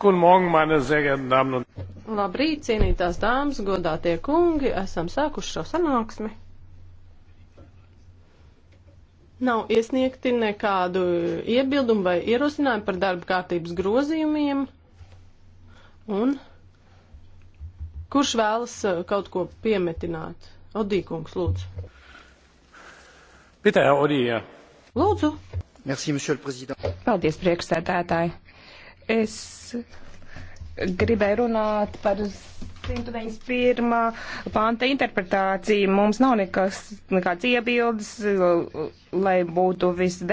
Guten Morgen, meine sehr geehrten Damen und Labrīt, cienītās dāmas, godātie kungi, esam sākuši šo sanāksmi. Nav iesniegti nekādu iebildumu vai ierosinājumu par darba kārtības grozījumiem. Un kurš vēlas uh, kaut ko piemetināt? Odīkungs, lūdzu. Pitē, Odīja. Lūdzu. Merci, monsieur le président. Paldies, priekšsēdētāji. Es gribēju runāt par 191. panta interpretāciju. Mums nav nekas, nekāds iebildes, lai būtu viss demokrātiski.